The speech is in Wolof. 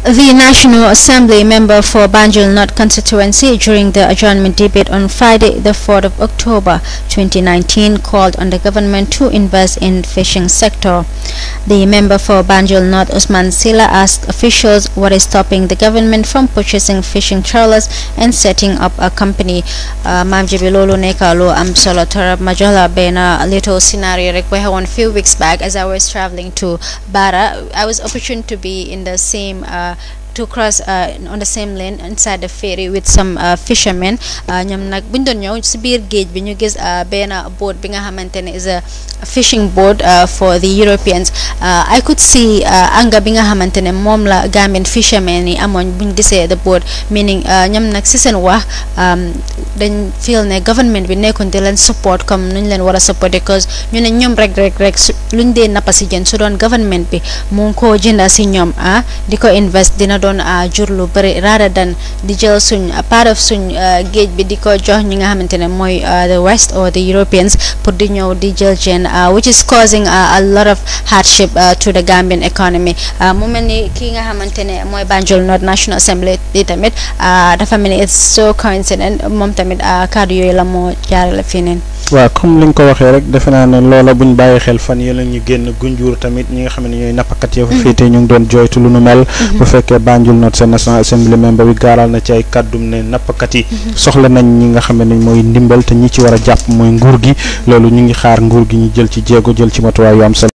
The National Assembly member for Banjul North constituency during the adjournment debate on Friday the 4th of October 2019 called on the government to invest in fishing sector. The member for Banjul North Usman Sila asked officials what is stopping the government from purchasing fishing trawlers and setting up a company. Uh, Mamjibilolo Nekalo Amsolo Tarab Majola Bena little scenario one few weeks back as I was traveling to Bara. I was opportune to be in the same uh, to cross uh, on the same lane inside the ferry with some uh, fishermen uh, ñoom nag buñ doon ñëw si biir géej bi ñu gis benn boat bi nga xamante is a fishing boat for the Europeans I could see anga bi nga xamante ne la Gambian fishermen yi amoon buñ gisee the boat meaning ñoom nag si seen wax um, dañ feel ne government bi nekkoon di leen support comme nuñ leen war support because ñu ne ñoom rek rek rek luñ dee nappa si jën su doon government bi mu ngi koo jënda si ñoom ah Diko ko invest dina doon ah, jur lu bari rather than di jël suñ ah, part of suñ ah, géej bi di ko jox ñi nga xamante ne mooy the west or the Europeans pour di ñëw di jël jeen which is causing a lot of hardship to the Gambian economy mu mel ni ki nga xamante ne mooy Banjul North National Assembly di tamit dafa mel ni it's so coincident moom tamit kàddu yooyu la moo jaarale fii neen waaw comme li nga ko waxee rek defe naa ne loola buñ bàyyi xel fan yële ñu génn gunjuur tamit ñi nga xam ne ñooy nappakat ya mm-hmm. doon jooytu lu nu mel mm-hmm. Banjul North seen National Assembly member bi gaaral na ci ay kàddum ne nappkat yi mhm. soxla nañ ñi nga xam ne mooy ndimbal te ñi ci war a jàpp mooy nguur gi loolu ñu ngi xaar nguur gi ñu jël ci jéego jël ci matuwaay yu am solo